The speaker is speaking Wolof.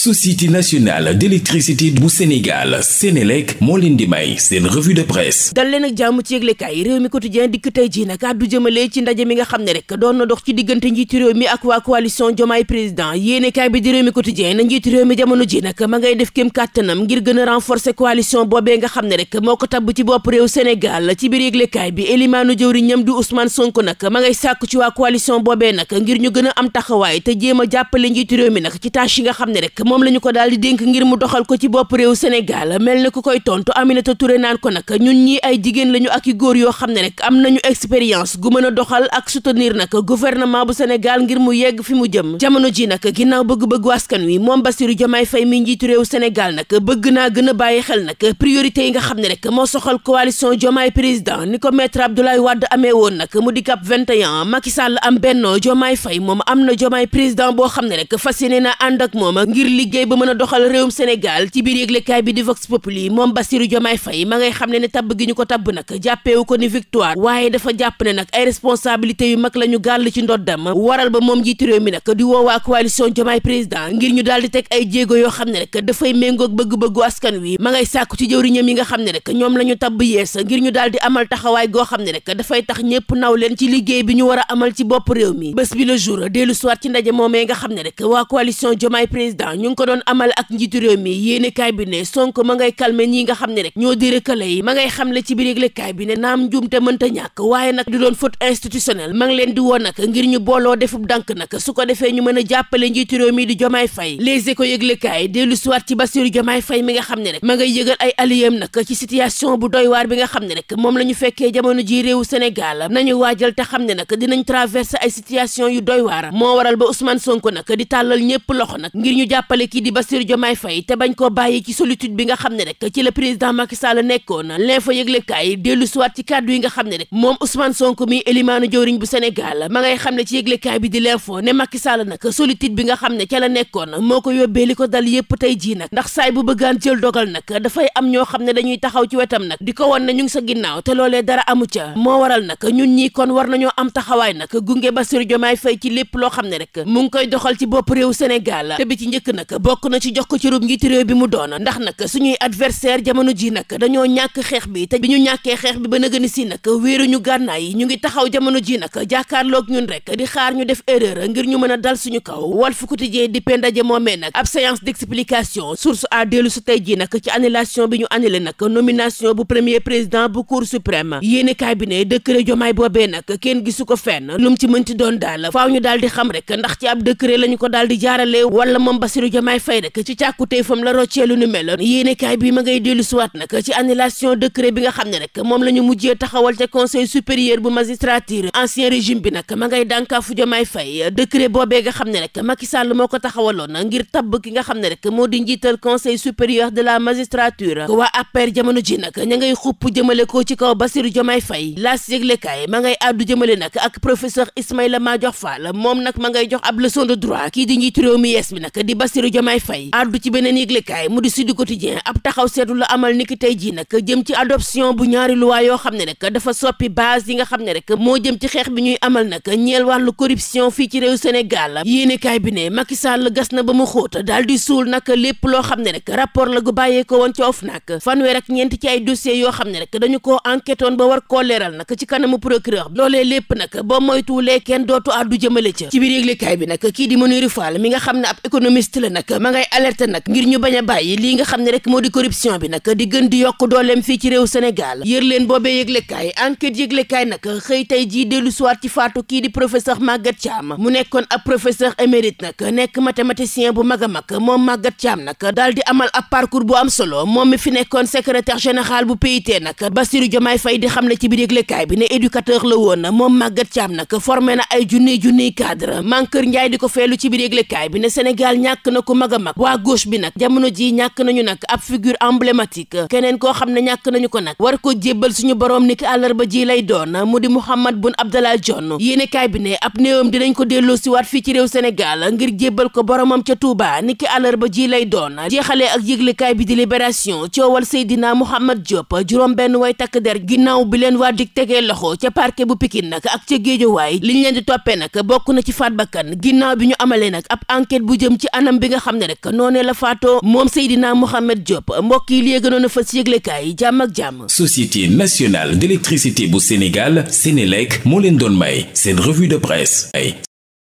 société nationale d'électricité bu Sénégal Sénélec moo leen di may seen revue de presse dal leen ak jàmm ci yëglekaay réew mi quotidien dikk tey ji nag àddu jëmale ci ndaje mi nga xam ne rek doon na dox ci diggante njiitu réew mi ak waa coalition Jomaay président yéenekaay bi di réew mi quotidien na njiitu réew mi jamono ji nag ma ngay def kéem kàttanam ngir gën a renforcer coalition boobee nga xam ne rek moo ko tabb ci bopp réew Sénégal ci biir yëglekaay ma ngay sàkku ci waa coalition boobee nag am taxawaay te a jàppale njiitu yi nga xam moom la ñu ko daal di dénk ngir mu doxal ko ci bopp réew Sénégal mel ni ku koy tontu am Aminata Touré naan ko nag ñun ñi ay jigéen lañu ak i góor yoo xam ne rek am nañu expérience gu mën a doxal ak soutenir nag gouvernement bu Sénégal ngir mu yegg fi mu jëm jamono ji nag ginnaaw bëgg-bëggu askan wi moom Bassirou Diomaye fay mi njiitu réew Sénégal nag bëgg naa gën a bàyyi xel nag priorité yi nga xam ne rek moo soxal coalition Diomaye président ni ko maître Abdoulaye wadd amee woon nag mu di cap 21 Macky Sall am bennoo Diomaye fay moom am na Diomaye président boo xam ne rek fas yéene na ànd ak moom ngir liggéey ba mën a doxal réewum Sénégal ci biir yëglekaay bi di Vox Populi moom Bassirou Diomaye Faye ma xam ne ne tabb gi ñu ko tabb nag jàppeewu ko ni victoire waaye la ñu gàll ci ndoddam ba moom njiitu mi di woowaa coalition Diomaye président ngir ñu daal yoo xam ne rek dafay méngoog bëgg-bëggu askan wi ma ngay sàkku ci jëwriñam yi nga xam ne rek ñoom la ñu tabb yees ngir ñu daal amal taxawaay goo xam ne rek dafay tax ñépp naw leen ci liggéey bi ñu war a amal ci bopp réew mi bés bi le jour dellu soir ci ndaje moomee nga xam ne rek waa coalition ñu ko doon amal ak njiitu réew mi yéenekaay bi ne Sonko ma ngay calmer ñi nga xam ne rek ñoo di rëkkale yi ma xam le ci biir yëglekaay bi ne naam njuumte mënta ñàkk waaye nag du doon faute institutionnelle ma leen di nag ngir ñu booloo defub dànk nag su ko defee ñu mën a jàppale njiitu réew mi di Jomaay Fay Les Échos yëglekaay dellu siwaat ci Bassirou Jomaay Fay mi nga xam ne rek ma ngay yëgal ay aliyem nag ci situation bu doy waar bi nga xam ne rek moom la ñu fekkee jamono ji réew Sénégal nañu waajal te xam ne nag dinañ traverser ay situation yu doy waar moo waral ba Ousmane sonk nag di tàllal ñëpp loxo nag ngir ñu jàppale jàppale kii di Bassirou Diomaye fay te bañ koo bàyyi ci solitude bi nga xam ne rek ci la président Macky Sall nekkoon l'info yëglekaay dellu siwaat ci kàddu yi nga xam ne rek moom Ousmane Sonko mi élimaanu jëwriñ bu Sénégal ma ngay xam ne ci yëglekaay bi di l'info ne Macky Sall nag solitude bi nga xam ne ca la nekkoon moo ko yóbbee li ko dal yépp tey jii nag ndax saay bu bëggaan jël dogal nag dafay am ñoo xam ne dañuy taxaw ci wetam nag di ko won ne ñu sa ginnaaw te loolee dara amu ca moo waral nag ñun ñii kon war nañoo am taxawaay nag gunge Bassirou Diomaye Faye ci lépp loo xam ne rek mu ngi koy doxal ci bopp réew Sénégal bi ci njëkk nag nag bokk na ci jox ko ci rub njiitu réew bi mu doon ndax nag suñuy adversaire jamono ji nag dañoo ñàkk xeex bi te bi ñu ñàkkee xeex bi ba nëgëni si nag wéeruñu gànnaay yi ñu ngi taxaw jamono ji nag jàkkaarlook ñun rek di xaar ñu def erreur ngir ñu mën a dal suñu kaw Walf Quotidien di pendaje moomee nag ab séance d'explication source à dellu su tey ji nag ci annulation bi ñu annulé nag nomination bu premier président bu cour suprême yéene kaay bi ne décret jomaay boobee nag kenn gisu ko fenn lu mu ci mënti doon daal faaw ñu daal di xam rek ndax ci ab décret lañu ko daal di jaarale Diomaye Faye nag ci càkkutey fam la roccee lu nu yéenekaay bi ma ngay dellu suwaat nag ci annulation décret bi nga xam ne nag moom la ñu mujjee taxawal ca conseil supérieur bu magistrature ancien régime bi nag ma ngay dànkaafu Diomaye Faye décret boobee nga xam ne nag Macky Sall moo ko taxawaloon ngir tabb ki nga xam ne rek moo di njiital conseil supérieur de la magistrature waa APR jamono ji nag ña ngay xupp jëmale ko ci kaw Bassirou ma ngay àddu jëmale nag ak professeur Ismaïla Madior Fall moom Bassirou Diomaye Faye addu ci beneen yëglekaay mu di Sud Quotidien ab taxaw seetlu la amal niki tey jii nag jëm ci adoption bu ñaari luwaa yoo xam ne rek dafa soppi base yi nga xam ne rek moo jëm ci xeex bi ñuy amal nag ñeel wàllu corruption fii ci réew Sénégal yéenekaay bi ne Macky Sall gas na ba mu xóot daal di suul nag lépp loo xam ne rek rapport la gu bàyyee ko woon ci OFNAC ñeent ci ay dossiers yoo xam ne rek dañu koo enquête ba war koo leeral nag ci kanamu procureur bi loolee lépp nag boo moytuwulee kenn dootu addu jëmale ca ci biir yëglekaay bi nag kii di Mounirou Fall mi nga xam ne ab économiste la nag ma ngay alerté nag ngir ñu bañ a bàyyi lii nga xam ne rek moo di corruption bi nag di gën di yokk dooleem fii ci réew Sénégal yër leen boobee yëglekaay enquête yëglekaay nag xëy tey jii dellu soir ci faatu kii di professeur Maguette Thiam mu nekkoon ab professeur émérite nag nekk mathématicien bu mag a mag moom Maguette Thiam nag daal di amal ab parcours bu am solo moom mi fi nekkoon secrétaire général bu PIT nag Bassirou Diomaye fay di xam ne ci biir yëglekaay bi ne éducateur la woon na moom Maguette Thiam nag formé na ay junniy junniy cadre Mankeur Ndiaye di ko feelu ci biir yëglekaay bi ne Sénégal ñàkk na ku mag waa gauche bi nag jamono ji ñàkk nañu nag ab figure emblématique keneen koo xam ne ñàkk nañu ko nag war ko jébbal suñu boroom niki àllarba ji lay doon mu di Mouhamed Boun Abdallah Dionne yéenekaay bi ne ab néewam dinañ ko delloo si waat fii ci réew Sénégal ngir jébbal ko boromam ca Touba niki àllarba ji lay doon jeexalee ak yëglekaay bi di Libération coowal Seydina Mouhamed Diop juróom benn way takk der ginnaaw bi leen waa dig tegee loxo ca parquet bu Pikine nag ak ca Géejawaay liñ leen di toppee nag bokk na ci faat bakkan ginnaaw bi ñu nga xam ne rek noonee la faatoo moom Seydina Mohamed Diop mbokk yi léegi noonu fa si yëglekaay yi jàmm ak jàmm. Société nationale d'électricité bu Sénégal Sénélec moo leen doon may seen revue de presse ay.